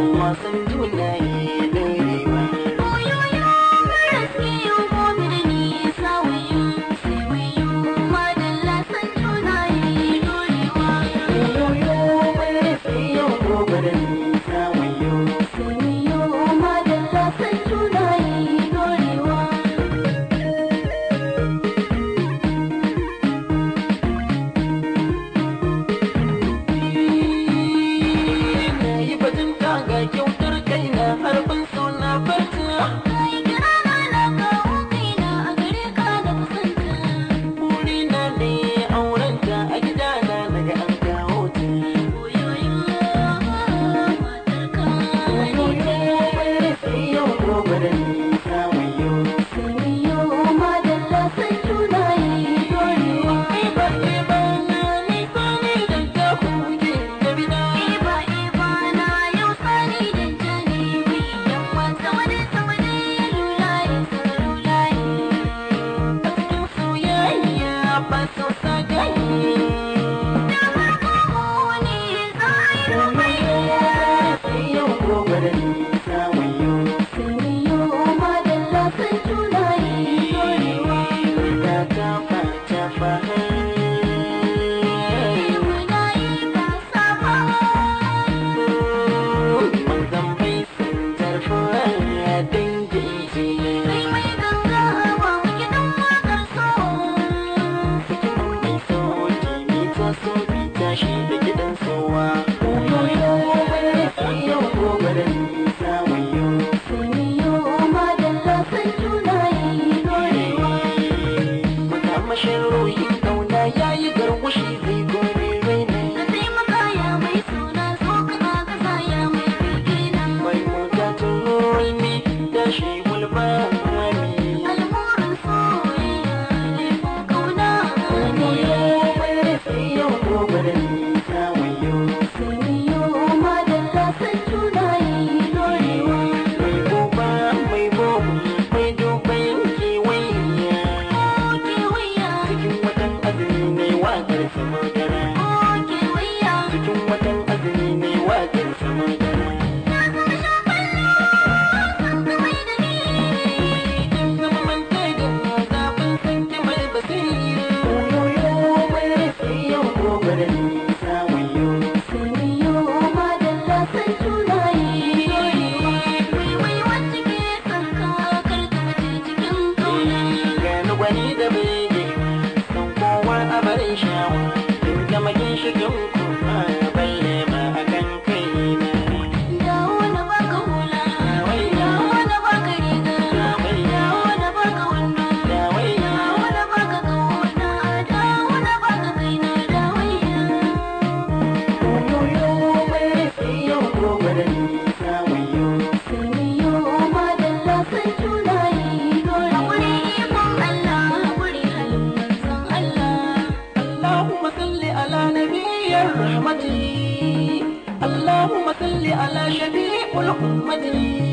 wasn't doing that. الشفيع الأمة